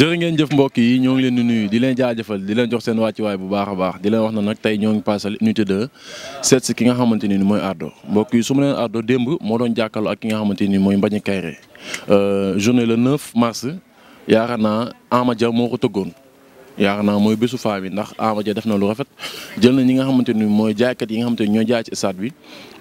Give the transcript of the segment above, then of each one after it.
jërë ngeen jëf mbokk yi ñoo ngi leen di nuyu di leen jaajëfal di leen jox seen wàccuwaay bu baax a baax di leen wax na nag tey ñoo ngi paasal unité 2 seet ki nga xamante ni mooy Ardo mbokk yi su ma leen Ardo démb moo doon jàkkaloo ak ki nga xamante ni mooy Mbagnick Kaïré euh, journée le 9 mars yaakaar naa Ama Dia moo ko tëggoon yaakaar naa mooy bésu faa yi ndax Ama Dia def na lu rafet jël na ñi nga xamante ni mooy jaaykat yi nga xamante ni ñooy jaay ci stade bi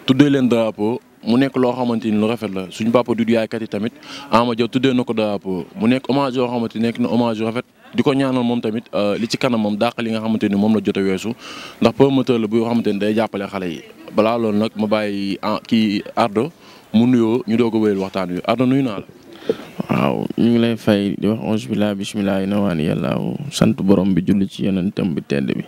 tuddee leen drapeau mu nekk loo xamante ni lu rafet la suñu papa Doudou Yaye Katy tamit Ama Dia tuddee na ko drapeau mu nekk hommage yoo xamante nekk na hommage yu rafet di ko ñaanal moom tamit euh, li ci kanam moom dàq li nga xamante ni moom la jot a weesu ndax promoteur la bu yoo xamante ni day jàppale xale yi balaa loolu nag ma bàyyi ah, kii Ardo mu nuyoo ñu doo ko wéyal waxtaan wi Ardo nuyu naa la. waaw ñu ngi lay fay di wax onze billah bisimilah yi nawaan yàllaaw sant borom bi julli ci yonentam bi tedd bi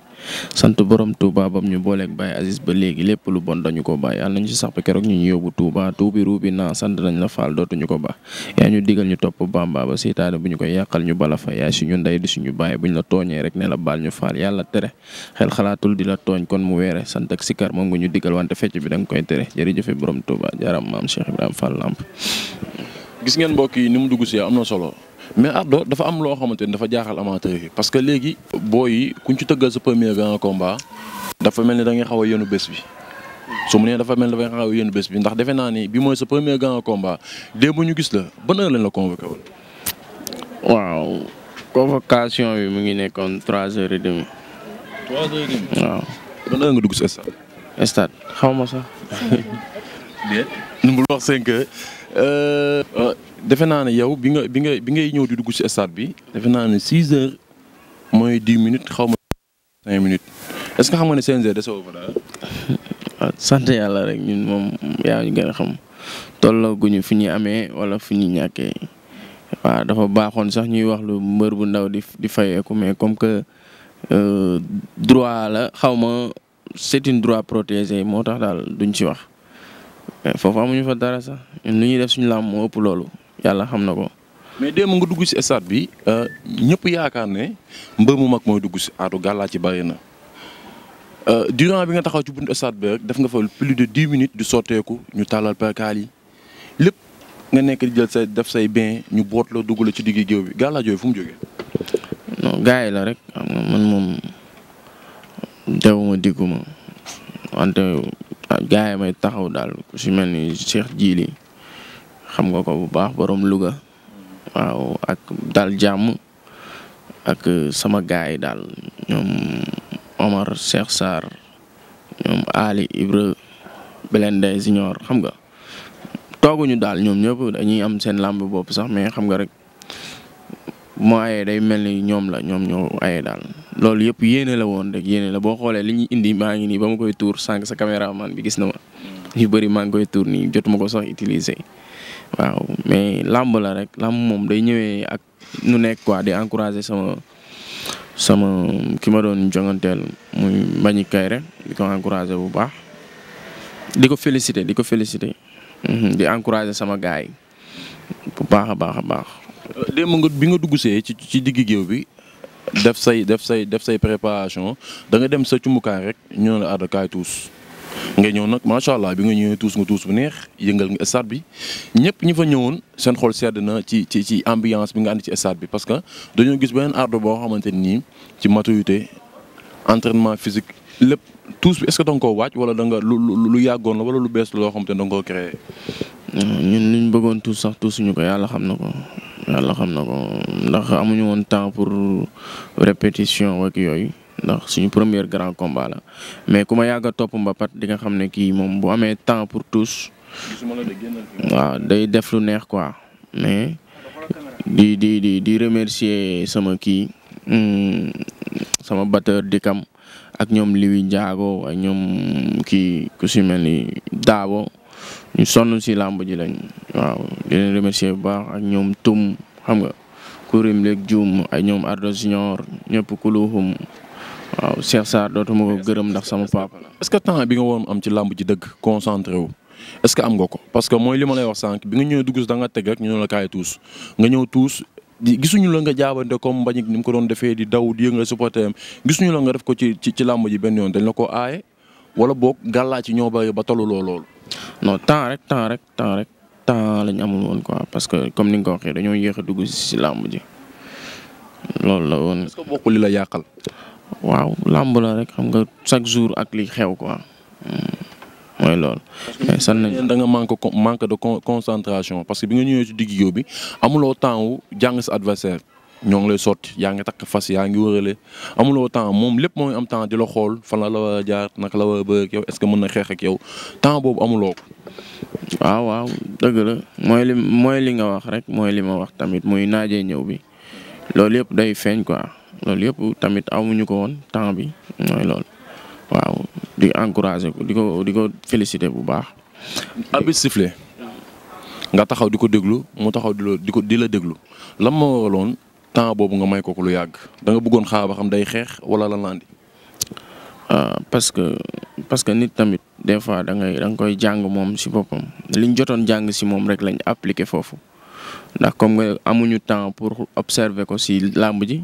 sant borom Touba bam ñu booleek Baye Aziz ba léegi lépp lu bon dañu ko bàyyi yàlla nañ ci sax ba keroog ñu ñu yóbbu Touba tuubi ruubi naa sant nañ la faal dootuñu ko baax ñu digal ñu topp Bamba ba seytaane bu ñu koy yàqal ñu bala fa yaay suñu ndey di suñu bàyyi buñ la tooñee rek ne la baal ñu faal yàlla tere xel xalaatul di la tooñ kon mu weere sant ak sikar moom nga ñu digal wante fecc bi da nga koy tere jërëjëfe borom Touba jaram maam Cheikh Ibrahima Fall Lamp gis ngeen mbokk yi ni mu dugg si am na solo mais Ardo dafa am loo xamante ni dafa jaaxal amateur yi parce que léegi boo yi kuñ ci tëggal sa premier grand combat dafa mel ni da ngay xaw a yenu bés bi su mu nee dafa mel ni da ngay xaw a yenu bés bi ndax defe naa ni bi mooy sa premier grand combat démb ñu gis la ban heure lañ la woon. waaw convocation bi mu ngi nekkoon trois heures et demie. trois heures et nga dugg si stade. stade xaw ma sax. Euh, euh, defe naa ne yow bi nga bi nga bi ngay ñëw di dugg ci stade bi defe naa ne 6 heures mooy 10 minutes xaw ma minutes est-ce que xam nga ne CNG desoo fa dara. waaw ah, sant yàlla rek ñun moom yaa ngi gën xam tolloo guñu fu ñuy amee wala fu ñuy ñàkkee waa dafa baaxoon sax ñuy wax lu mbër bu ndaw di di fayeeku mais comme que euh, droit la xaw ma c'est une droit protégé moo tax daal duñ ci wax. Eh, foofu amuñu fa dara sax lu nu ñuy def suñu làmb moo ëpp loolu yàlla xam na ko. mais mu nga dugg si stade bi euh, ñëpp yaakaar ne mbër mu mag mooy dugg si aatu gàllaa ci bari na euh, durant bi nga taxaw ci buntu stade bi rek def nga fa plus de dix minutes du sotteeku ñu tàllal perkaal yi lépp nga nekk di jël say def say bain ñu boot la dugg la ci diggi géew bi gàllaa jooyu fu mu jógee. non gars la rek man moom dewuma digguma wante gaa yi may taxaw daal ku si mel ni Cheikh Jili xam nga ko bu baax borom Louga waaw ak daal jàmm ak sama gaa yi daal ñoom Omar Cheikh Sarr ñoom Ali Ibra Belende Junior xam nga tooguñu daal ñoom ñëpp dañuy am seen làmb bopp sax mais xam nga rek moo ayee day mel ni ñoom la ñoom ñoo ayee daal loolu yëpp yéene la woon rek yéene la boo xoolee li ñuy indi maa ngi nii ba ma koy tuur sànq sa caméraman bi gis na ma yu bëri maa ngi koy tuur nii jotuma ko sax utiliser waaw mais làmb la rek làmb moom day ñëwee ak nu nekk quoi di encourager sama sama ki ma doon jonganteel muy Mbagnick Kaïré di ko bu baax di ko féliciter di ko féliciter mhm, di encourager sama gars yi bu baax a baax a baax. démb nga bi nga dugg see ci ci digg géew bi. def say def say def say préparation da nga dem sa cumukaay rek ñu ne la Ada kaay tuus nga ñëw nag macha bi nga ñëwee tuus nga tuus bu neex yëngal nga stade bi ñëpp ñu fa ñëwoon seen xool sedd na ci ci ci ambiance bi nga ànd ci stade bi parce que dañoo gis beneen ardo boo xamante nii ci maturité entraînement physique lépp tuus bi est-ce que wàcc nga koo wala da nga lu lu yàggoon la wala lu bees loo xam te ne da nga koo créé. ñun liñ bëggoon tuus sax tuusuñu ko yàlla xam na ko. yàlla xam na ko ndax amuñu woon temps pour répétition ak yooyu ndax suñu premier grand combat la mais ku ma topp mba topp mbapat di nga xam ne kii moom bu amee temps pour tous. waaw day def lu neex quoi mais di di di di remercier sama kii hmm, sama batteur di kam ak ñoom Liwi Ndiago ak ñoom kii ku si mel ni Daabo ñu sonn si làmb ji lañ waaw di leen ak ñoom tum xam nga kurim léeg juum ay ñoom Ardo Junior ñëpp kuluhum waaw Cheikh Sarr dootuma ko gërëm ndax sama papa la. que temps bi nga am ci làmb ji dëgg concentré wu est que am nga ko parce que mooy li ma lay wax sànq bi nga ñëwee dugg da nga teg rek ñu ne la kaay tuus nga ñëw tuus gisuñu la nga jaabante comme Mbagnick ni mu ko doon defee di daw di yëngal supporter am gisuñu la nga def ko ci ci ci làmb ji benn yoon dañ la ko aaye wala boog gàllaa ci ñoo bëri ba tollu lool loolu non temps rek temps rek temps rek temps lañ amul woon quoi parce que comme ni nga ko waxee dañoo yéex a dugg si làmb ji loolu la woon. est-ce que li la yàqal. waaw làmb la rek xam nga chaque jour ak li xew quoi hmm, mooy loolu. san nañ da nga manque manque de concentration parce que bi nga ñëwee ci digg-géew bi amuloo temps wu jàng sa adversaire. ñoo ngi lay sot yaa ngi takk fas yaa ngi wërale amuloo temps moom lépp mooy am temps di la xool fan la la war a jaar naka la war a bëgg ak yow est-ce que mën na xeex ak yow temps boobu amuloo ko. waaw waaw dëgg la mooy li mooy li nga wax rek mooy li ma wax tamit muy naajee ñëw bi loolu yëpp day feeñ quoi loolu yëpp tamit amuñu ko woon temps bi mooy loolu waaw di encourager di ko di ko féliciter bu baax. abi sifflé nga taxaw di ko déglu mu taxaw di la di ko di la déglu lan ma waraloon temps boobu nga may ko ko lu yàgg danga nga bëggoon xaar ba xam day xeex wala la andi. waaw ah, parce que parce que nit tamit des fois da ngay da nga koy jàng moom si boppam liñ jotoon jàng si moom rek lañ appliqué foofu ndax comme nga amuñu temps pour observer ko si làmb ji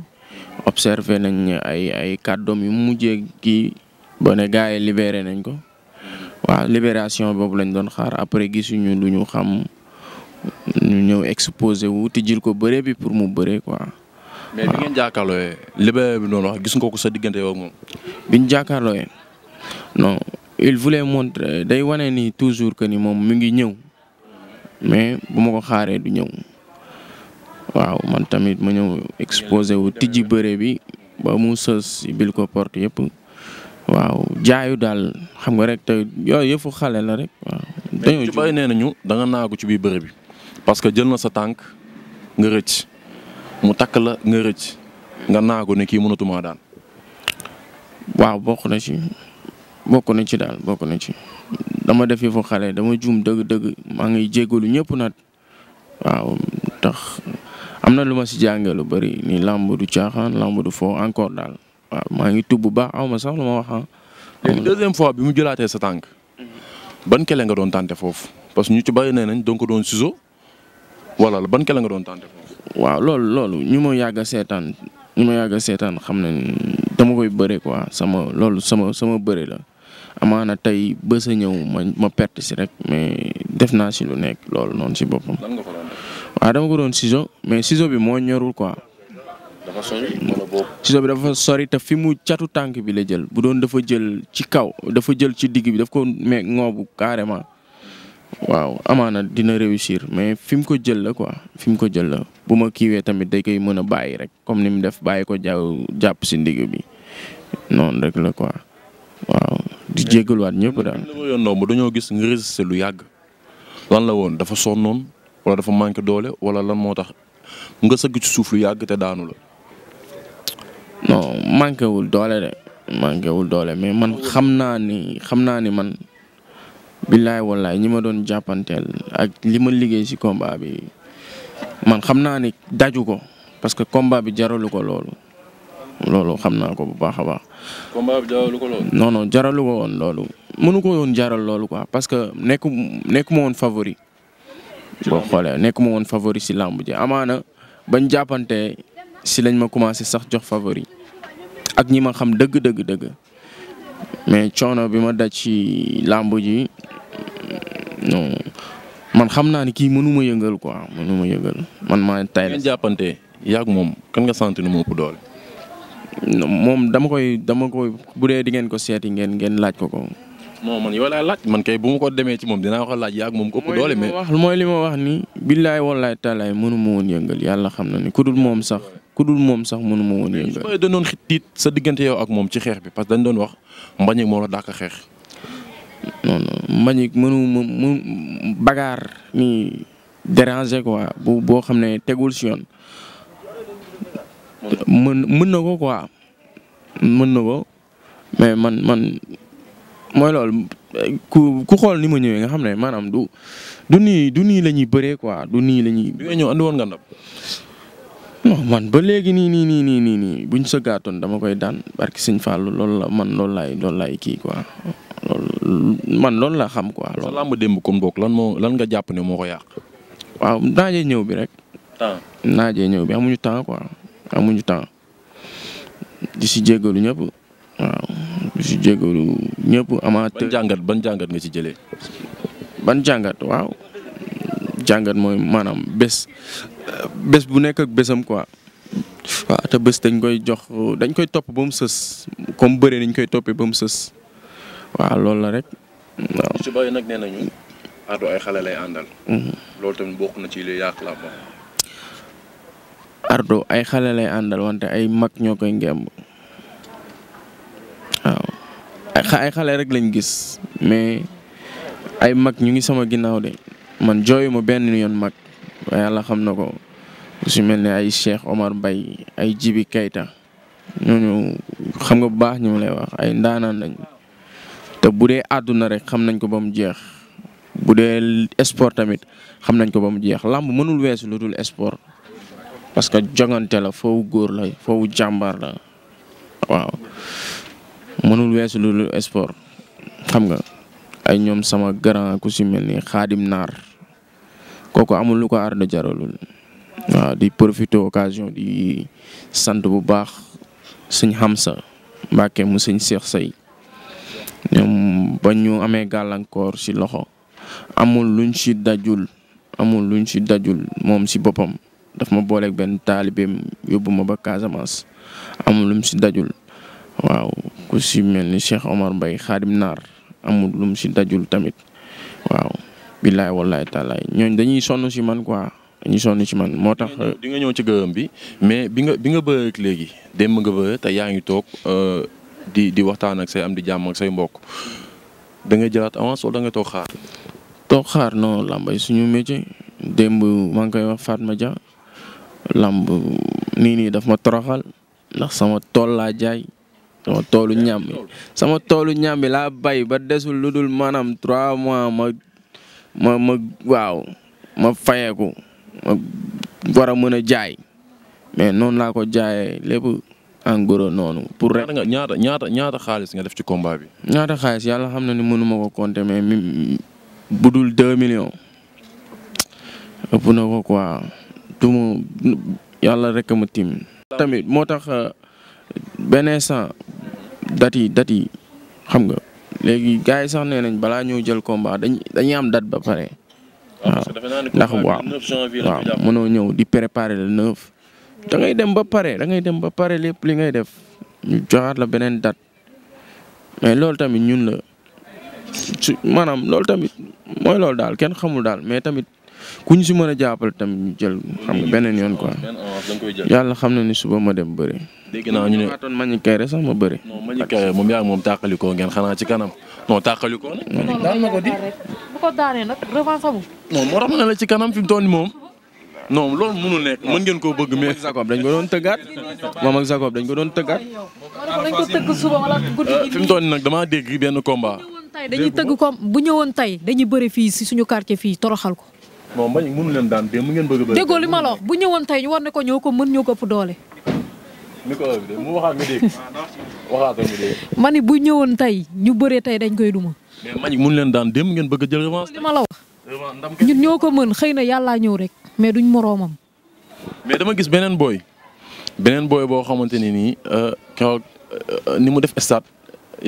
observer nañ ay ay kàddoom yu mujjee kii ba ne gars yi libéré nañ ko waaw libération boobu lañ doon xaar après gisuñu lu ñu xam. ñu ñëw exposé wu tijjil ko bëre bi pour mu bëre quoi. mais bi ngeen jàkkaarloo li bi noonu wax gis nga ko sa diggante yow ak moom. bi ñu jàkkaarloo non il voulait montrer day wane ni toujours que ni moom mi ngi ñëw mais bu ma ko xaaree du ñëw waaw man tamit ma ñëw exposé wu tijji bëre bi ba mu sës bil ko porte yëpp. waaw jaayu daal xam nga rek te yooyu yëfu xale la rek waaw. dañoo ci bay da nga ci biir bëre bi. parce que jël na sa tànk nga rëcc mu takk la nga rëcc nga naagu ne kii mënatumaa daan. waaw bokk na ci bokk na ci daal bokk na ci dama def foo xale dama juum dëgg-dëgg maa ngi jégalu ñëpp nag waaw tax am na lu ma ci jàngee lu bari ni làmb du caaxaan làmb du foo encore daal waaw maa ngi tubb bu baax aw ma sax lu ma wax ah. léegi deuxième fois bi mu jëlaatee sa tànk. ban kele nga doon tànte foofu parce que ñu ci bàyyi nee nañ donc doon ciseau wala ban kele nga doon tenter waaw loolu loolu ñu ma yàgg a seetaan ñu ma yàgg a seetaan xam na ni dama koy bëre quoi sama loolu sama sama bëre la amaana tey ba sa ñëw ma ma perte si rek mais def naa si lu nekk loolu noonu si boppam. lan nga ko doon dama ko doon ciseau mais ciseau bi moo ñorul quoi. dafa ciseau bi dafa sori te fi mu catu tànk bi la jël bu doon dafa jël ci kaw dafa jël ci digg bi daf ko mais ngoobu carrément. waaw amaana dina réussir mais fi mu ko jël la quoi fi mu ko jël la bu ma kiiwee tamit day koy mën a bàyyi rek comme ni mu def bàyyi ko jaww jàpp si ndig bi noonu rek la quoi waaw di jégaluwaat ñëpp daal. yoon dañoo gis nga lu yàgg lan la woon dafa sonnoon wala dafa manqué doole wala lan moo tax nga sëgg ci suuf lu yàgg te daanu la. non manqué wul doole de manqué wul doole mais man xam naa ni xam naa ni man. billaay wallaay ñi ma doon jàppanteel ak li ma liggéey si combat bi man xam naa ni daju ko parce que combat bi jaralu ko loolu loolu xam naa ko bu baax a baax. combat ko loolu. non non jaralu ko woon loolu mënu ko woon jaral loolu quoi parce que nekku nekkuma woon favori. boo xoolee nekkuma woon favori si làmb ji amaana bañ jàppante si lañ ma commencé sax jox favori ak ñi ma xam dëgg dëgg dëgg mais coono bi ma daj si làmb non man xam naa ni kii mënuma yëngal quoi mënuma yëngal man maa tay ngeen jàppante yaag moom kan nga sant ni mu ëpp doole. moom dama koy dama koy bu dee di ngeen ko seeti ngeen ngeen laaj ko ko. non man yow laa laaj man kay bu ma ko demee ci moom dinaa ko laaj yaag moom ko ëpp doole. mais mooy li ma wax ni. billaay wallaay taalaay mënuma woon yëngal yàlla xam na ni ku dul moom sax ku dul moom sax mënuma woon yëngal. su ma doon xitiit sa diggante yow ak moom ci xeex bi parce que dañ doon wax mbañ moo la dàq xeex. non non Mbagnick mënu mu bagaar ni déranger quoi bu boo xam ne tegul si yoon. mën mën na ko quoi mën na ko mais man man mooy lool ku ku xool ni ma ñëwee nga xam ne maanaam du du nii du nii la ñuy bëree quoi du nii la ñuy. bi nga ñëw andi woon nga ndab non man ba léegi nii nii nii nii nii nii buñ sëggaatoon dama koy daan barki sëñ Fallou loolu la man loolu laay loolu laay kii quoi. loolu man loolu la xam quoi. loolu làmb démb kon boog lan moo lan nga jàpp ne moo ko yàq. waaw naajee ñëw bi rek. temps ñëw bi amuñu temps quoi amuñu temps di si jéggalu ñëpp waaw ñëpp amateur. jàngat ban jàngat nga ci jële ban jàngat waaw jàngat mooy maanaam bés bés bu nekk ak bésam quoi. waaw te bés dañ koy jox dañ koy topp ba mu sës comme bëre niñ koy toppee ba mu sës. waaw loolu la rek. waaw ñu si nag nee nañu Ardo ay xale lay àndal. Mhm. na ci li yàq la ba. ay xale lay àndal wante ay mag ñoo koy ngemb waaw ay xale rek lañu gis mais ay mag ñu ngi sama ginnaaw de man jooyuma benn yoon mag waaye yàlla xam na ko su mel ni ay Cheikh Omar Mbaye ay Jibi Kayta ñooñu xam nga bu baax ñu lay wax ay ndaanaan lañ. te bu dee àdduna rek xam nañ ko ba mu jeex bu dee sport tamit xam nañ ko ba mu jeex làmb mënul weesu lu dul sport parce que jongante la foofu góor la foofu jàmbaar la waaw mënul weesu lu dul sport xam nga ay ñoom sama grand ku si mel ni xaadim naar kooku amul lu ko aar jaralul waaw di profiter occasion di sant bu baax sëñ Hamsa Mbàkke mu sëñ Seex Say ba ñu amee gàllankoor si loxo amul luñ si dajul amul luñ si dajul moom si boppam daf ma booleeg benn taalibeem yóbbu ma ba Casamance amul lum si dajul waaw ku si mel ni Cheikh Omar Mbaye xaadim naar amul lum si dajul tamit waaw billaay wallaay taalaay ñooñ dañuy sonn si man quoi dañuy sonn si man moo tax. di nga ñëw ci gërëm bi mais bi nga bi nga bëgg léegi démb nga bëgg te yaa ngi toog. Euh, di di waxtaan ak say am di jàmm ak say mbokk da ngay jëlaat avance wala da ngay toog xaar. toog xaar non làmbay suñu métier démb maa ngi koy wax ma Dia làmb nii nii daf ma toroxal ndax sama tool laa jaay sama toolu ñàmbi sama toolu ñàmbi laa bay ba desul lu dul maanaam trois mois ma ma ma waaw ma fayeeku war a mën a jaay mais noonu laa ko jaayee lépp en gros noonu pour rek. ñaata ñaata xaalis nga def ci combat bi. ñaata xaalis yàlla xam na ni mënuma ko compter mais mi bu dul deux millions ëpp na ko quoi du yàlla rek ma tiim tamit moo tax euh, benn sant dat yi dat yi xam nga léegi gars yi sax nee nañ balaa ñoo jël komba dañ dañuy am date ba pare. Ah, waaw ndax mënoo ñëw di préparer le da ngay dem ba pare da ngay dem ba pare lépp li ngay def ñu joxaat la beneen dat mais loolu tamit ñun la su maanaam loolu tamit mooy loolu daal kenn xamul daal mais tamit ku ñu si mën a jàppale tamit ñu jël xam nga beneen yoon quoi yàlla xam na ni suba ma dem bëri. dégg naa ñu ne maatoon Manick Kayré sax ma bëri. non Manick Kayré moom yaa ngi moom tàqalikoo ngeen xanaa ci kanam non tàqalikoo nag. daal na ko di bu ko daanee nag ci kanam fi mu toll moom. non lool mënul nekk mën ngeen koo bëgg mais Jacob dañ ko doon tëggaat moom ak Jacob dañ ko doon tëggaat. dañ ko tëgg suba wala guddi euh, nag damaa dégg benn combat. dañuy tëgg ko bu ñëwoon tey dañuy bëri fii si suñu karte fii toroxal ko. non mbañ leen daan dee ngeen bëgg a li ma la bu ñëwoon tey ñu war ne ko ñoo ko mën ñoo ko ëpp doole. ni bu ñëwoon tey ñu bëree tey dañ koy duma. ma mbañ mënu leen daan dee ngeen bëgg a jël revanche. ma la wax ñun ñoo ko mën xëy na yàllaa ñëw rek mais duñ moroomam. mais dama gis beneen booy beneen booy boo xamante ni nii euh, euh, ni mu def stade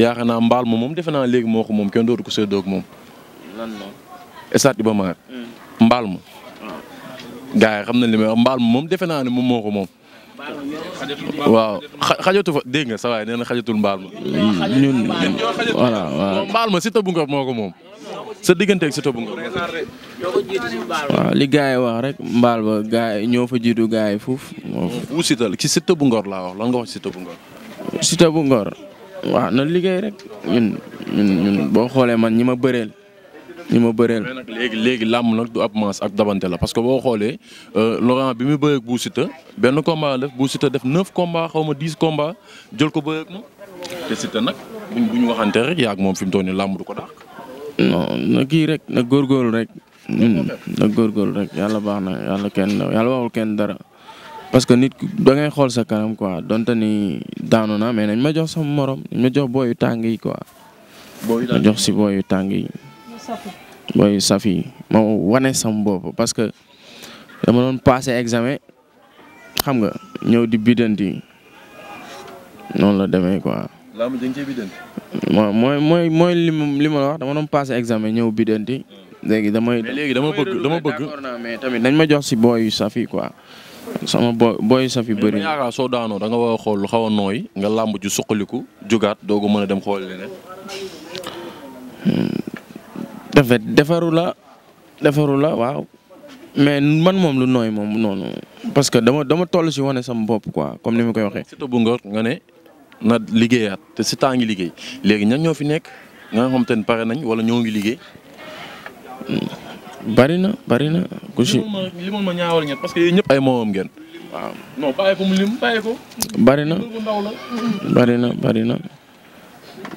yaakaar naa mbaal ma moom defe naa léegi moo ko moom kenn dootu ko séddoo ak moom. lan moom. stade Iba hmm. ma. Ah. gars yi xam nañ li mbaal ma moom defe naa ne moom moo ko moom. waaw xajatu fa dégg nga sa waay nee na xajatul mbaal ma. mbaal ma si tabu nga moo ko moom. sa digganteeg Siteu bu Ngor. waaw li gars wax rek mbaal ba gars ñoo fa jiitu gars yi foofu. wu ci Siteu bu Ngor laa wax lan nga wax Siteu bu Ngor. Siteu bu Ngor waaw na liggéey rek ñun boo xoolee man ñi ma bëreel. ñi ma bëreel mais nag léegi léegi làmm nag du ab maas ak dabante la parce que boo xoolee euh, Laurent bi mu bëreeg Bou Siteu benn combat la def Bou def neuf combats xaw ma dix combats jël ko bëreeg moom te Siteu nag buñ buñ waxante rek yaa ak moom fi mu toll nii làmm du ko dàq. non na kii rek na góorgóorlu rek. Hmm, na góorgóorlu rek yàlla baax na yàlla kenn yàlla waxul kenn dara. parce que nit da ngay xool sa kanam quoi donte ni daanu na mais nañ ma jox sama moroom nañ ma jox booyu tàng yi quoi. ma jox si booyu tàng yi. booyu saf yi ma wane sama bopp parce que dama doon passé examen xam nga ñëw di biddanti noonu la demee quoi. laa ma mooy mooy mooy li li ma wax dama doon passé examen ñëw biddanti. léegi damay léegi dama bëgg dama bëgg. mais tamit nañ ma jox si booy safi quoi sama bo booy safi bëri. yaakaar soo daanoo da nga war a xool lu xaw a nooy nga làmb ju suqaliku jugaat doo ko mën a dem xool leneen. Hmm, dafa defaru la defaru la waaw mais man moom lu nooy moom noonu parce que dama dama toll si wane sama bopp quoi comme ni ma koy waxee. surtout bu nga nga ne na liggéeyaat te si temps ngi liggéey léegi ñan ñoo fi nekk nga xam te pare nañ wala ñoo ngi liggéey. bari na bari na. ku si li ma que ñëpp ay moomam ngeen. lim bàyyi bari na na bari na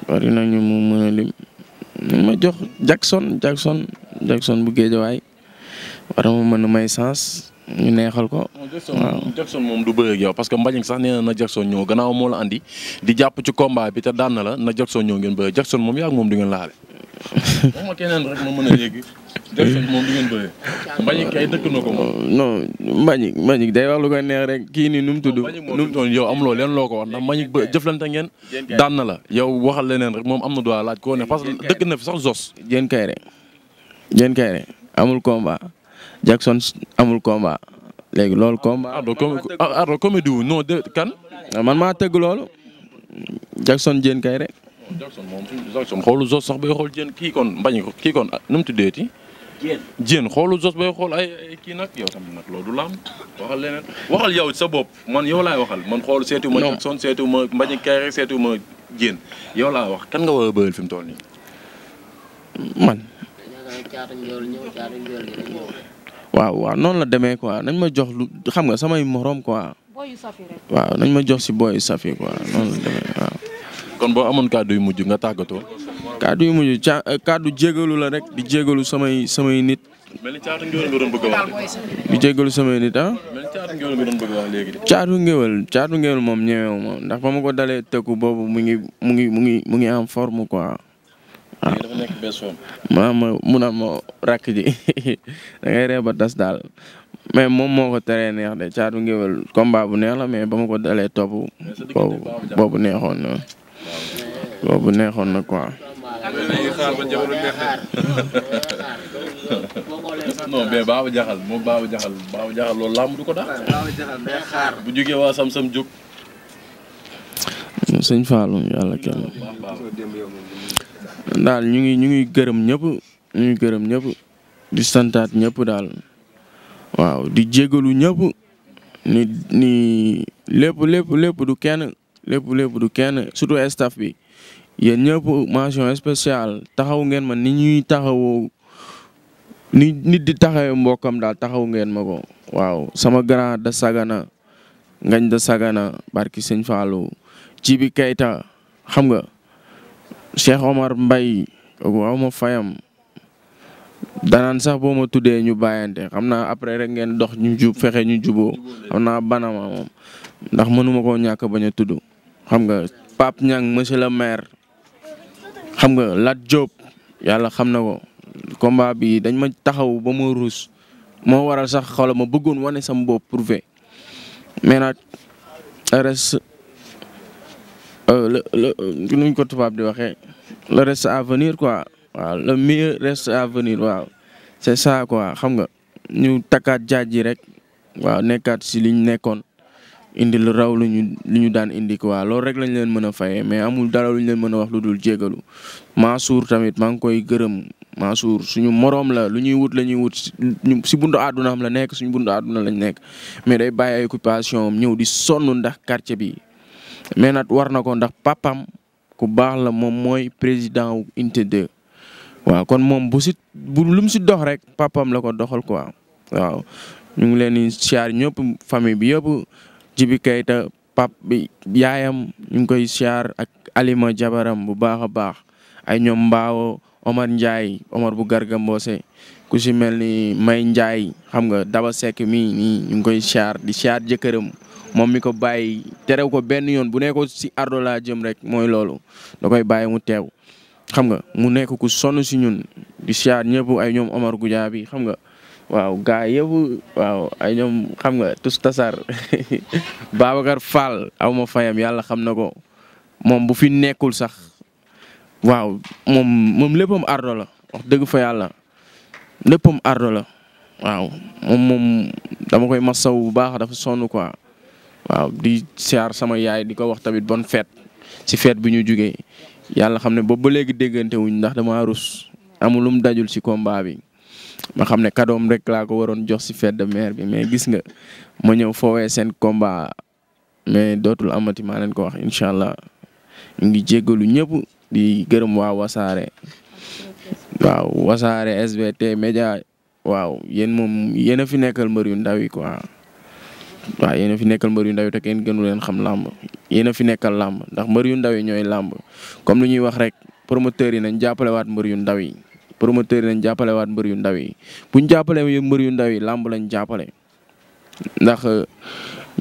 bari ma jox Jackson Jackson Jackson bu géejawaay war na ma mën may sens. ñu neexal ko. waaw Jackson moom du bëre yow parce que Mbagnick sax nee na Jackson ñëw gannaaw moo la andi di jàpp ci komba bi te daan na la na Jackson ñëw ngeen bëre Jackson moom yaa moom du ngeen laale. wax ma keneen rek ma mën day wax lu ko neex rek kii nii nu mu tudd. nu mu yow amuloo leen loo ko wax ndax Mbagnick ba jëflante ngeen. daan na la yow waxal leneen rek moom am na droit laaj koo ne parce que dëkk na fi sax Zos. Diène Kairé Diène Kairé amul combat Jackson amul combat léegi lool combat Ardo Ardo comédie wu de kan. Ah, man maa teg loolu. Jackson Diène kay rek. Jackson moom Jackson xoolu Zos sax bay xool Diène kii kon mbañ ko kii kon nu mu tuddeeti. Diène xoolu Zos bay xool ay kii nag yow tamit nag loolu du laam waxal leneen waxal yow sa bopp man yow laay waxal man xoolu seetu ma. non Jackson seetu ma mbañ kay rek seetu ma Diène wax kan nga war a bëri fi mu toll nii. man. waaw waaw noonu la demee quoi nañ ma jox lu xam nga samay moroom quoi. booyu waaw nañ ma jox si booy safi quoi noonu la demee kon boo amoon kàddu yu mujj nga tàggatoo. kàddu yu mujj ca eh, kàddu jégalu la rek di jégalu samay samay nit. mel ni caatu ngéwél nit ah. caatu ngéwél nga doon a wax léegi de. caatu ngéwél moom ndax ba ma ko dalee tëkku boobu mu ngi mu ngi mu ngi mu ngi en forme quoi. Ah. dafa nekk bés foofu. maanaam ma mun a ma rakk ji da ngay tas daal mais moom moo ko teree neex de caatu ngéwél combat bu neex la mais ba ma ko dalee topp boobu boobu neexoon na boobu neexoon na Jaxal moom Baba Jaxal Baba Jaxal loolu du ko dax bu jógee waa sam-sam jóg sëñ Fallou yàlla kenn daal ñu ngi ñu ngi gërëm ñëpp ñu ngi ñëpp santaat ñëpp daal waaw di jégalu ñëpp ni ni lépp lépp du kenn lépp lépp bi yéen ñëpp mention spéciale taxaw ngeen ma ni ñuy taxawoo ni nit di taxawee mbokkam daal taxaw ngeen ma ko waaw sama grand da sagana ngañ da sagana barki sëñ Fallou ci bi kayta xam nga Cheikh Omar mbay waaw ma fayam danaan sax boo ma tuddee ñu bàyyante xam naa après rek ngeen dox ñu jub fexe ñu jubo xam naa banama moom ndax mënuma koo ñàkk bañ a tudd xam nga Pape ñaang monsieur le maire xam nga Lat Diop yàlla xam na ko komba bi dañ ma taxaw ba ma ruus moo waral sax xoola ma bëggoon wane sama bopp prouvé mais nag res Euh, le le euh, nuñ ko tubaab di waxee le reste à venir quoi waaw le mieux reste à venir waaw c'est ça quoi xam nga ñu takkaat jaaj ji rek waaw nekkaat si liñ nekkoon indi lu raw lu ñu lu ñu daan indi ko quoi loolu rek lañ leen mën a fayee mais amul dara lu leen mën a wax lu dul jégalu Mansour tamit maa ngi koy gërëm Mansour suñu moroom la lu ñuy wut la ñuy wut si buntu àdduna am la nekk suñu buntu àdduna lañ nekk mais day bàyyi ay occupation am ñëw di sonn ndax quartier bi. mais nag war na ko ndax papam ku baax la moom mooy président wu unité 2 waaw kon moom bu si bu lu si dox rek papam la ko doxal quoi waaw ñu ngi leen di siyaar ñëpp famille bi yëpp Jibi Kayta pap bi yaayam ñu ngi koy siyaar ak Alima jabaram bu baax a baax ay ñoom mbaawo Omar Ndiaye Omar bu Garga Mbossé ku si mel ni May Ndiaye xam nga Daba Seck mii nii ñu ngi koy siyaar di siyaar jëkkëram moom mi ko bàyyi terew ko benn yoon bu ne si Ardo laa jëm rek mooy loolu da koy bàyyi mu teew. xam nga mu nekk ku sonn si ñun di siyaar ñëpp ay ñoom Omar Goudia bi xam nga waaw gaa yëpp waaw ay ñoom xam nga tous tasar aw ma fayam yàlla xam na ko moom bu fi nekkul sax waaw moom moom Ardo la wax dëgg fa yàlla léppam Ardo la waaw moom moom dama koy masaw bu baax dafa sonn quoi. waaw di siyaar sama yaay di ko wax tamit bon fête si feet bi ñu jugee yàlla xam ne boobu ba léegi déggante ndax dama rus amul lu mu dajul si komba bi ma xam ne kadoom rek laa ko waroon jox si fête de mère bi mais gis nga ma ñëw foowee seen komba mais dootul amati maa leen ko wax incha allah ñu ngi jéggalu ñëpp di gërëm waa wasaare waaw wasaare SBT média waaw yéen moom yéen a fi nekkal mbër yu ndaw yi quoi. waaw yéen a fi nekkal mbër yu ndaw yi te kenn gënu leen xam làmb yéen yu ndaw yi ñooy làmb comme lu ñuy wax rek promoteurs yi nañ jàppalewaat mbër yu ndaw yi promoteurs yi nañ jàppalewaat mbër yu ndaw yi buñ jàppale mbër yu ndaw yi làmb lañ jàppale ndax euh,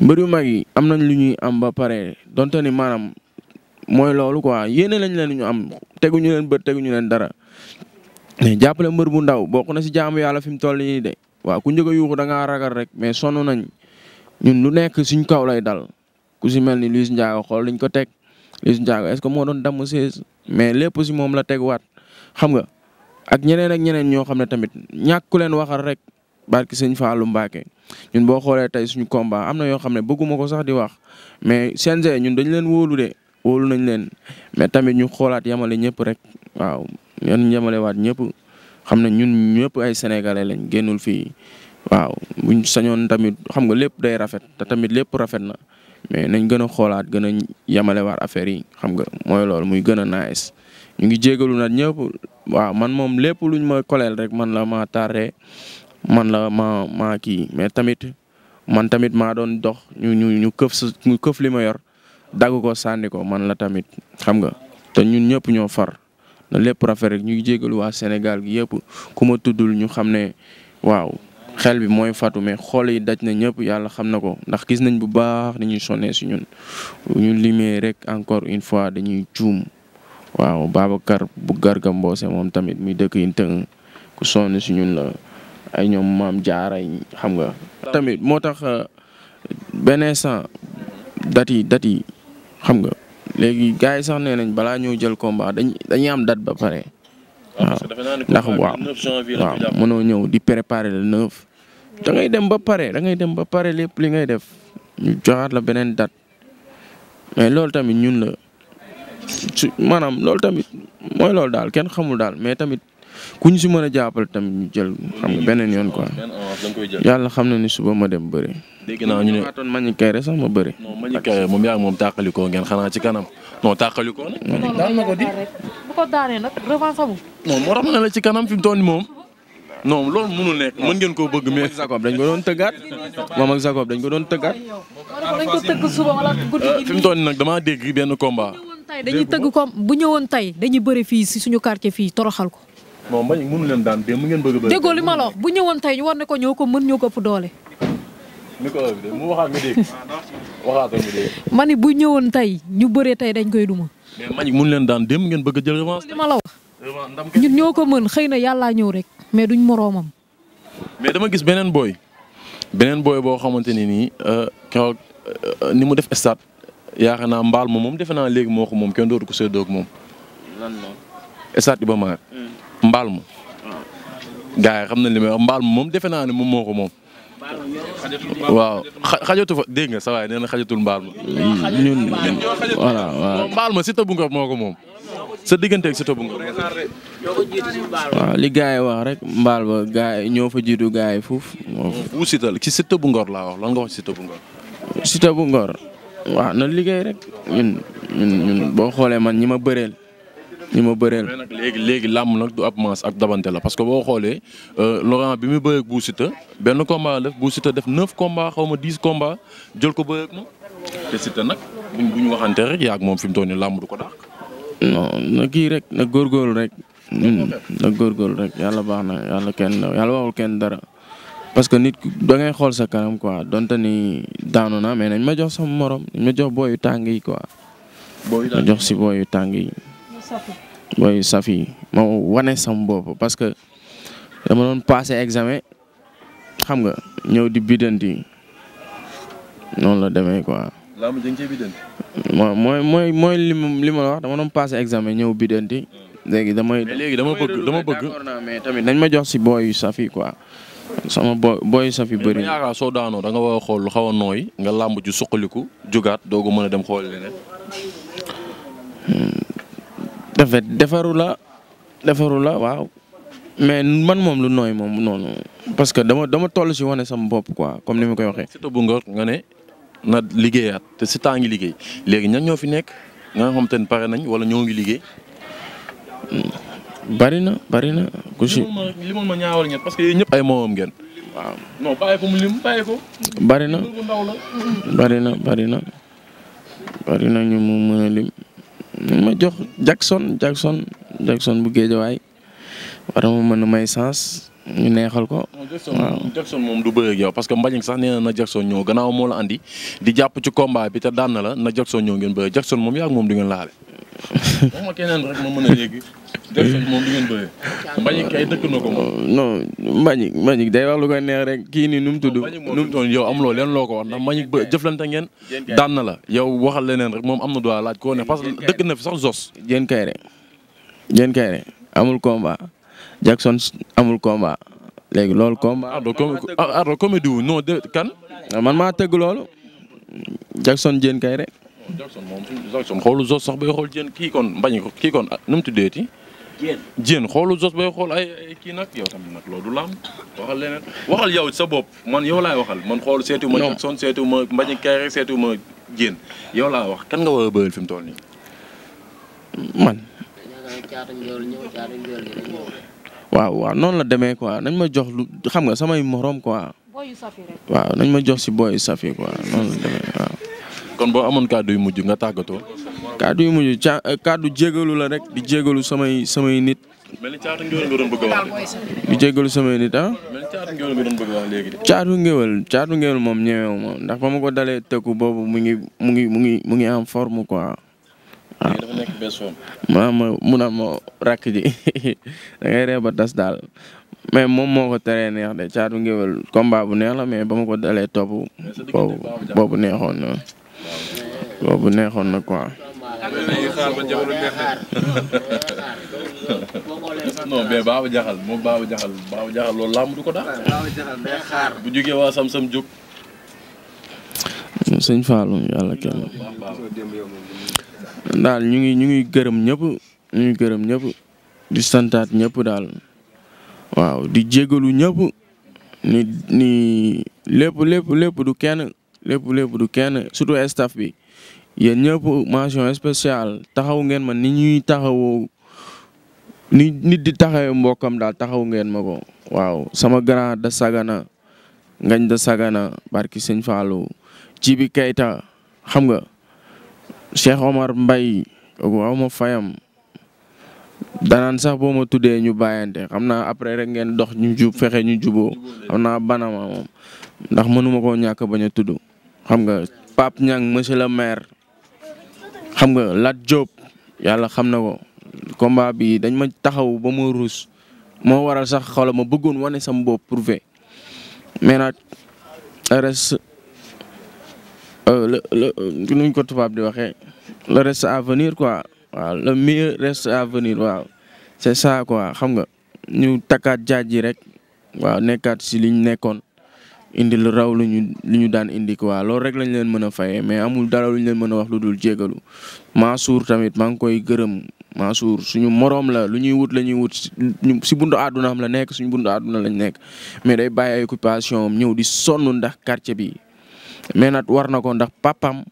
mbër yu mag yi am nañ lu ñuy am ba pare donte ni maanaam mooy loolu quoi yéene lañ leen ñu am teguñu leen bët teguñu leen dara jàppale mbër bu ndaw bokk na si jaamu yàlla fi mu toll nii de waaw ku njëkk a yuuxu da ragal rek mais sonn nañ ñun lu nekk suñ kaw dal ku si mel ni Liss Ndiago xool liñ ko teg Liss Ndiago est-ce que moo doon damm sées mais lépp si moom la teg waat xam nga ak ñeneen ak ñeneen ñoo xam ne tamit ñàkk leen waxal rek barki sëñ Fallou mbaake ñun boo xoolee tey suñu combat am na yoo xam ne bëgguma ko sax di wax mais CNG ñun dañ leen wóolu de wóolu nañ leen mais tamit ñu xoolaat yamale ñëpp rek waaw ñun yamalewaat ñëpp xam ne ñun ñëpp ay sénégalais lañ génnul fii waaw buñ sañoon tamit xam nga lépp day rafet te tamit lépp rafet na mais nañ gën a xoolaat gën a yamale waar affaire yi xam nga mooy loolu muy gën a nice ñu ngi jégalu na ñëpp waaw man moom lépp luñ ma koleel rek man la ma tardé man la ma maa kii mais tamit man tamit maa doon dox ñu ñu ñu këf sa këf li ma yor dagg ko sànni ko man la tamit xam nga te ñun ñëpp ñoo far na lépp rafet rek ñu ngi jégalu waa Sénégal yëpp ku ma tuddul ñu xam ne waaw. xel bi mooy fatu mais xool yi daj na ñëpp yàlla xam na ko ndax gis nañ bu baax dañuy sonnee su ñun ñu limee rek encore une fois dañuy juum waaw Babacar bu Garga mboose moom tamit muy dëkk yi ku sonn si ñun ay ñoom maam jaaray xam nga. tamit moo tax euh, benn sant dat yi dat yi xam nga léegi gars yi sax nee nañ balaa ñoo jël combat dañ dañuy am date ba pare. Ah, waaw ndax waaw mënoo ñëw di préparer le neuf. da ngay dem ba pare dem ba pare lépp li ngay def ñu joxaat la beneen dat mais loolu tamit ñun la su maanaam loolu tamit mooy loolu daal kenn xamul daal mais tamit ku ñu si mën a jàppale tamit ñu jël xam nga beneen yoon quoi yàlla xam na ni suba ma dem bëri. dégg naa ñu ne maatoon Manick Kairé sax ma bëri. non Manick Kairé moom yaa moom tàqalikoo ngeen xanaa ci kanam non tàqalikoo moo tax ma ne moom. non loolu mënul nekk mën ngeen koo bëgg mais Jacob dañ ko doon tëggaat moom ak Jacob dañ ko doon tëggaat. dañ ko tëgg suba wala guddi euh, nag damaa dégg benn combat. tey dañuy tëgg comme bu ñëwoon tey dañuy bëri fii si suñu quartier fii toroxal ko. non man leen daan mu ngeen bëgg li ma la bu ñëwoon tey ñu war ne ko ñoo ko mën ñoo ko ëpp doole. micro bi ni bu ñëwoon tey ñu bëree tey dañ koy duma. mais man mënu leen daan dem ngeen bëgg a jël revanche. ko mën xëy na yàllaa ñëw rek mais duñ moroomam. mais dama gis beneen booy beneen booy boo xamante ni nii euh, euh, ni mu def stade yaakaar naa mbaal ma moom defe naa léegi moo ko moom kenn dootu ko séddoo ak moom. lan moom. stade Iba Mar. Hmm. mbaal ma. gaa yi xam na li may wax mbaal ma moom defe naa ne moom moo ko moom. waaw xajatu fa dégg nga sa waay na xajatul mbaal ma. mbaal ma si tabu nga moo ko moom. sa digganteeg Siteu bu Ngor. waaw li gars wax rek mbaal ba gars ñoo fa jiitu gars yi foofu. sita Siteu ci Siteu bu Ngor laa wax lan nga wax Siteu bu Ngor. Siteu bu Ngor waaw na liggéey rek ñun boo xoolee man ñi ma bëreel. ñi ma bëreel mais nag léegi léegi làmm nag du ab maas ak dabante la parce que boo xoolee euh, Laurent bi mu bëreeg buu Siteu benn combat la def Bou Siteu def neuf combats xaw ma dix combats jël ko bëreeg moom. te Siteu nag buñ buñ waxante rek yaa ak moom fi mu toll nii làmm du ko dàq. non na kii rek na góorgóorlu rek. Hmm, na yàlla baax na yàlla kenn yàlla waxul kenn dara. parce que nit da ngay xool sa kanam quoi donte ni daanu na mais nañ ma jox sama morom nañ ma jox booyu tàng yi quoi. ma jox si booyu tàng yi. booyu saf yi ma wane sama bopp parce que dama doon passé examen xam nga ñëw di yi noonu la demee quoi. làmb ji nga cee biddanti. mooy mooy mooy li ma li ma wax dama doon passé examen ñëw biddanti. léegi damay léegi dama bëgg dama bëgg. mais tamit nañ ma jox si booy safi quoi. sama bo booy safi bëri. yaakaar soo daanoo da nga war a xool lu xaw a nooy nga làmb ju suqaliku jugaat doo ko mën a dem xool leneen. Hmm, dafa defaru la defaru la waaw. mais man moom lu nooy moom noonu. parce que dama dama toll si wane sama bopp quoi comme ni ma koy waxee. surtout bu nga nga ne na liggéeyaat te si temps ngi liggéey léegi ñan ñoo fi nekk nga xam te ne nañ wala ñoo ngi liggéey. Hmm. bari na bari na. parce que ñëpp ay moomam ngeen. waaw non na bari na na ñu mu mën a lim. ma jox Jackson Jackson Jackson bu géejawaay war na ma mën may sens. ñu neexal ko. waaw Jackson moom du bëre ak yow parce que Mbagnick sax nee na Jackson ñëw gannaaw moo la andi di jàpp ci komba bi te daan na la na Jackson ñëw ngeen bëre Jackson moom yaa moom du ngeen laale. wax ma ma mën a yegg Jackson moom du ngeen bëre. day wax lu koy neex rek kii nii nu mu tudd. nu mu tudd yow amuloo leen loo ko wax ndax Mbagnick ba ngeen. daan na la yow waxal leneen rek moom am na droit laaj koo ne parce que dëkk na fi sax Zos. Diène Kairé Diène Kairé amul combat Jackson amul combat léegi lool combat Ardo ah, Ardo comédie wu de kan. Ah, man maa tëgg loolu. Jackson Diène kay rek. Jackson moom Jackson xoolu Zos sax bay xool Diène kii kon mbañ ko kii kon nu mu tuddeeti. Diène Diène xoolu Zos bay xool ay ay kii nag yow tamit nag du laam waxal waxal yow sa bopp man yow laay waxal man xool seetiwuma. non Jackson seetiwuma mbañ kay rek seetiwuma Diène yow laa wax kan nga war a bëri fi mu toll nii. man. waaw waaw noonu la demee quoi nañ ma jox lu xam nga samay morom quoi. booyu waaw nañ ma jox si booyu safi quoi kon boo amoon kàddu yu mujj nga tàggatoo. kàddu yu mujj ca eh, kàddu jégalu la rek di jégalu samay samay nit. mel ni caatu ngéwél nga doon bëgg a wax di ah. caatu ngéwél nga doon léegi de. caatu ngéwél caatu ngéwél moom ndax ba ma ko dalee tëkku boobu mu ngi mu ngi mu ngi mu ngi en forme quoi. waaw ah. dafa nekk bés foofu. maanaam ma mun a ma rakk ji da ngay tas daal mais moom moo ko teree neex de caatu ngéwél combat bu neex la mais ba ma ko dalee topp boobu neexoon na boobu neexoon na quoi. non mais Baba Jaxal moom Baba Jaxal loolu làmb du ko dax. bu jógee waa Sam Sam jóg. sëñ yàlla kenn. daal ñu ngi ñu ngi gërëm ñëpp ñu gërëm ñëpp di santaat ñëpp daal waaw di jégalu ñëpp ni ni lépp lépp du kenn lépp lépp bi yéen ñëpp mention spéciale taxaw ngeen ma ni ñuy taxawoo ni nit di taxawee mbokkam daal taxaw ngeen ma ko waaw sama grand da sagana ngañ da sagana barki sëñ Fallou ci bi kayta xam nga Cheikh Omar mbay waaw ma fayam danaan sax boo ma tuddee ñu bàyyante xam naa après rek ngeen dox ñu jub fexe ñu jubo xam naa banama moom ndax mënuma koo ñàkk bañ a tudd xam nga Pape Niang monsieur le maire xam nga Lat Diop yàlla xam na ko komba bii dañ ma taxaw ba ma rus moo waral sax xoola ma bëggoon wane sama bopp prouvé res Euh, le euh, ko tubaab di waxee le quoi waaw le mieux venir waaw c'est ça xam nga ñu takkaat jaaj ji rek waaw nekkaat si liñ nekkoon indi lu raw lu ñu lu ñu daan indi quoi loolu rek lañ leen mën a fayee mais amul dara lu leen mën a wax lu dul jégalu Mansour tamit maa ngi koy gërëm Mansour suñu moroom la lu ñuy wut la ñuy wut si buntu àdduna am la nekk suñu buntu àdduna lañ nekk mais day bàyyi ay occupation am ñëw di sonn ndax quartier bi. mais nag war na ko ndax papam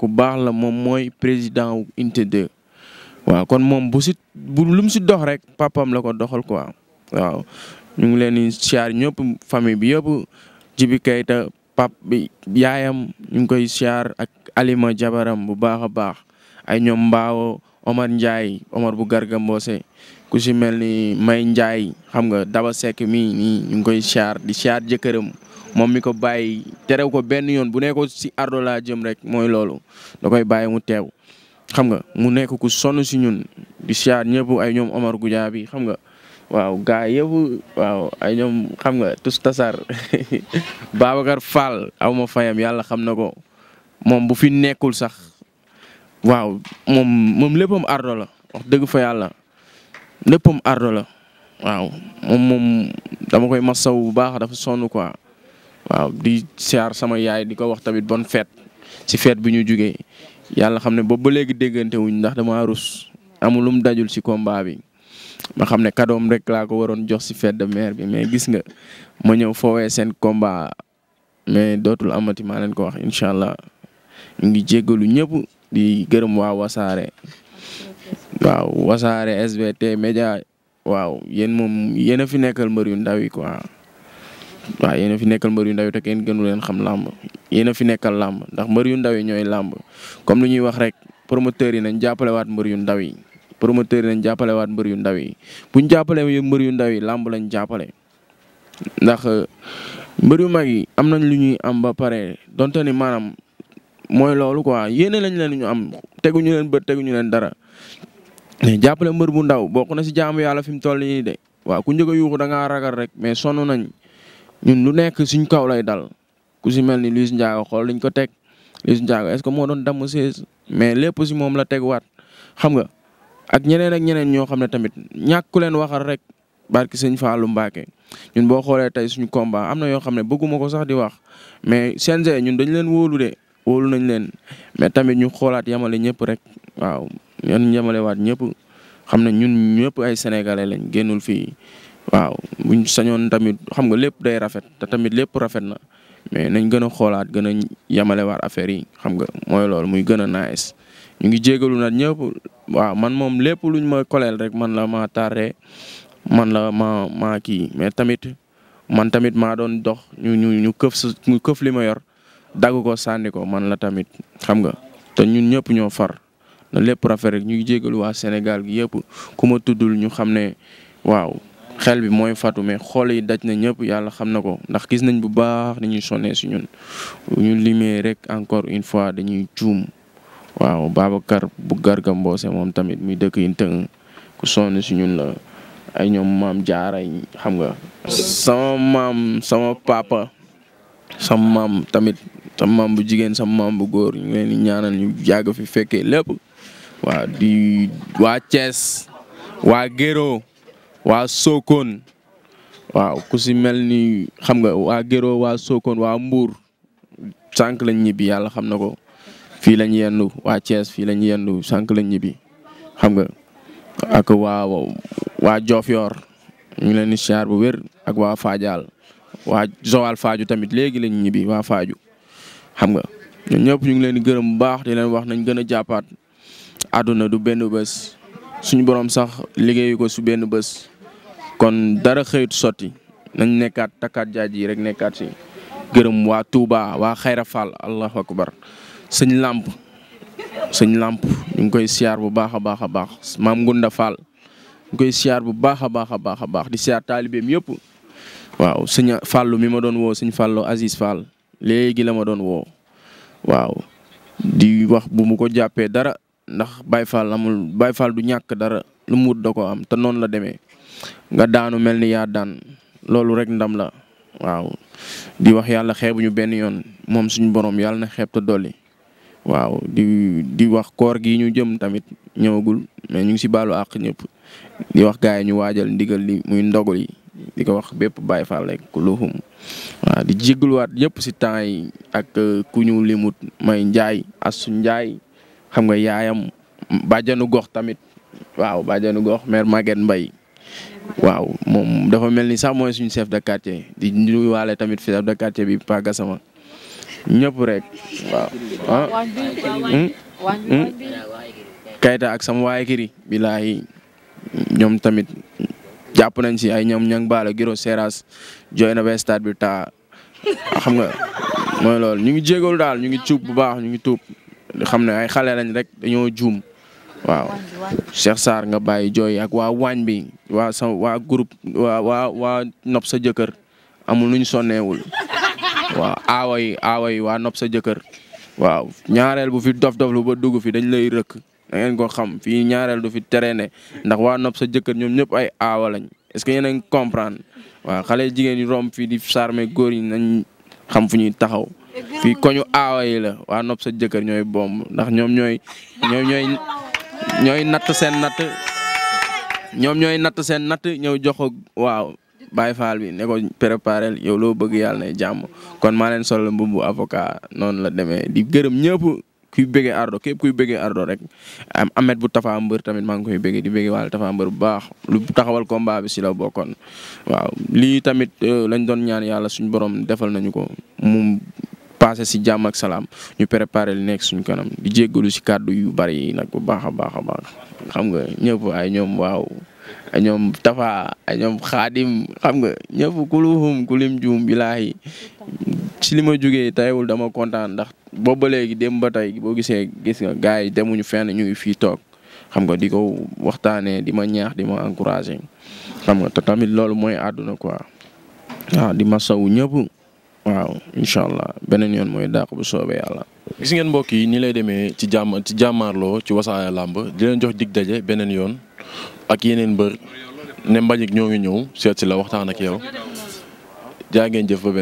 ku baax la moom mooy président wu unité de waaw kon moom bu si bu lu si dox rek papam la ko doxal quoi waaw ñu ngi leen di siyaar ñëpp famille bi yëpp Jibi Kayta pap bi yaayam ñu ngi koy siyaar ak Alima jabaram bu baax a baax ay ñoom mbaawo Omar Ndiaye Omar bu Garga Mbossé ku si mel ni May Ndiaye xam nga Daba Seck mii nii ñu ngi koy siyaar di siyaar jëkkëram moom mi ko bàyyi terew ko benn yoon bu ne si Ardo laa jëm rek mooy loolu da koy bàyyi mu teew. xam nga mu nekk ku sonn si ñun di ñëpp ay ñoom Omar Goudia bi xam nga waaw gaa yëpp waaw ay ñoom xam nga tous tasar aw ma fayam yàlla xam na ko moom bu fi nekkul sax waaw moom moom Ardo la dëgg fa yàlla léppam Ardo la waaw moom moom dama koy masaw bu baax dafa sonn quoi. waaw di siyaar sama yaay di ko wax tamit bon fête si feet bi ñu jugee yàlla xam ne boobu ba léegi déggante ndax dama rus amul lum dajul si komba bi ma xam ne kadoom rek laa ko waroon jox si fête de mère bi mais gis nga ma ñëw foowee seen combat mais dootul amati maa leen ko wax incha allah ñu ngi jéggalu ñëpp di gërëm waa wasaare waaw wasaare SBT média waaw yéen moom yéen a fi nekkal mbër yu ndaw yi quoi. waa yéen a fi nekkal mbër yu ndaw yi te kenn gënu leen xam làmb yéen a fi nekkal làmb ndax mbër yu ndaw yi ñooy làmb comme lu ñuy wax rek promoteurs yi nañ jàppalewaat mbër yu ndaw yi promoteurs yi nañ jàppalewaat mbër yu ndaw yi buñ jàppale mbër yu ndaw yi làmb lañ jàppale ndax mbër yu mag yi am nañ lu ñuy am ba pare donte ni maanaam mooy loolu quoi yéene lañ leen ñu am teguñu leen bët ñu leen dara mais jàppale mbër bu ndaw bokk na si jaamu yàlla fi mu toll nii de waaw ku njëkk a yuuxu da ragal rek mais sonn nañ ñun lu nekk suñ kaw dal ku si mel ni Liss Ndiago xool liñ ko teg Liss Ndiago est-ce que moo doon damm sées mais lépp si moom la tegwaat xam nga ak ñeneen ak ñeneen ñoo xam ne tamit ñàkk leen waxal rek barki sëñ Fallou mbaake ñun boo xoolee tey suñu combat am na yoo xam ne bëgguma ko sax di wax mais CNG ñun dañ leen wóolu de wóolu nañ leen mais tamit ñu xoolaat yamale ñëpp rek waaw yan yamalewaat ñëpp xam ne ñun ñëpp ay sénégalais lañ génnul fii waaw buñ sañoon tamit xam nga lépp day rafet te tamit lépp rafet na mais nañ gën a xoolaat gën a yamale waar affaire yi xam nga mooy loolu muy gën a nice ñu ngi jégalu nag ñëpp waaw man moom lépp luñ ma koleel rek man la maa tardé man la ma maa kii mais tamit man tamit maa doon dox ñu ñu ñu këf këf li ma yor dagg ko sànni ko man la tamit xam nga te ñun ñëpp ñoo far na lépp rafet rek ñu ngi jégalu waa Sénégal yëpp ku ma tuddul ñu xam ne waaw. xel bi mooy fatu mais xool yi daj na ñëpp yàlla xam na ko ndax gis nañ bu baax dañuy sonnee si ñun ñu limee rek encore une fois dañuy juum waaw Babacar bu Garga Mbossé moom tamit muy dëkk yi tëng ku sonn si ñun la ay ñoom maam jaaray xam nga. sama maam sama papa sama maam tamit sama maam bu jigéen sama maam bu góor ñu leen di ñaanal ñu yàgg fi fekkee lépp waaw di waa Thiès waa Géro. waa Sokone waaw ku si mel ni xam nga waa Gero waa Sokone waa Mbour sànq lañ ñibbi yàlla xam na ko fii lañ yendu waa Thiès fii lañ yendu sànq lañ ñibbi xam nga ak waa waa Diofior ñu leen di siyaar bu wér ak waa Fadial waa Joal Fadiouth tamit léegi lañ ñibbi waa faaju xam nga ñun ñëpp ñu ngi leen di gërëm bu baax di leen wax nañ gën a jàppaat àdduna du benn bés suñu borom sax liggéey ko su benn bés kon dara xëyut sotti nañ nekkaat takkaat jaaj yi rek nekkaat si gërëm waa Touba waa Xayra Fall allahu akbar sëñ làmp sëñ làmp ñu ngi koy siyaar bu baax a baax a baax maam Ngunda Fall ñu koy siyaar bu baax a baax a baax a baax di siyaar taalibeem yëpp waaw sëñ Fallou mi ma doon woo sëñ Fallou Aziz Fall léegi la ma doon woo waaw di wax bu mu ko jàppee dara ndax Baye Fall amul Baye Fall du ñàkk dara lu mu wut da ko am te noonu la demee. nga daanu mel ni yaa daan loolu rek ndam la waaw di wax yàlla xeebuñu benn yoon moom suñu borom yàlla na xeeb te dolli waaw di di wax koor gi ñu jëm tamit ñëwagul mais ñu ngi si baalu àq ñëpp di wax gars yi ñu waajal ndigal li muy ndogul yi di ko wax bépp Baay Faal rek luhum waaw di jégluwaat yëpp si temps yi ak euh, ku ñu limut may njaay asu njaay xam nga yaayam bàjjanu gox tamit waaw bàjjanu gox mère Maguette mbay waaw moom dafa mel ni sax mooy suñu chef de quartier di nuyuwaale tamit chef de quartier bi Pa Gassama ñëpp rek waaw ah. hmm? hmm? Kayta ak sama waaye kiri billaahi ñoom tamit jàpp nañ si ay ñoom ñang baala giro seras jooy na ba stade bi taa xam nga mooy loolu ñu ngi jégalu daal ñu ngi cuub bu baax ñu ngi tuub xam na ay xale lañ rek dañoo juum. waaw Cheikh Sarr nga bàyyi jooy ak waa waañ bi waa sa waa groupe waa waa waa nopp sa jëkkër amul lu ñu sonneewul waaw aawa yi yi waa nopp sa jëkkër waaw ñaareel bu fi dof dof lu ba dugg fi dañ lay rëkk da ngeen ko xam fii ñaareel du fi traîner ndax waa nopp sa jëkkër ñoom ñëpp ay aawa lañ est-ce que yéen a waa xale jigéen yi romb fii di sarme góor yi nañ xam fu ñuy taxaw fii koñu aawa yi la waa nopp sa jëkkër ñooy bomb ndax ñoom ñooy ñooy natt seen nat ñoom ñooy natt seen natt ñëw jox waaw baay Fall bi ne ko yow loo bëgg yàlla nay jàmm kon maa leen solal mbubbu avocat noonu la demee di gërëm ñëpp kuy bëggee Ardo képp kuy bëggee Ardo rek am amet bu Tafa Mbër tamit maa ngi koy bëggee di bëggee wàllu Tafa Mbër bu baax lu taxawal combat bi si la bokkoon waaw lii tamit euh, lañ doon ñaan yàlla suñu borom defal nañu ko passé si jàmm ak salaam ñu préparé li nekk suñ kanam di jéggalu si kàddu yu bari yi nag bu baax a baax a baax xam nga ñëpp ay ñoom waaw ay ñoom Tafa ay ñoom Xaadim xam nga ñëpp kuluhum kulim juum bilaahi si li ma jógee tayewul dama kontaan ndax boobu ba léegi dem ba tey boo gisee gis nga gars yi demuñu fenn ñu fi toog xam nga di ko waxtaanee di ma ñaax di ma encouragé xam nga te tamit loolu mooy àdduna quoi waaw di ma sawu ñëpp. waaw incha allah beneen yoon mooy dàq bu soobee yàlla. gis ngeen mbokk yi ni lay demee ci jàmm ci jàmmaarloo ci wasaare làmb di leen jox dig daje beneen yoon ak yeneen mbër ne mbañik ñoo ngi ñëw seet si la waxtaan ak yow jaa ngeen jëf ba beneen.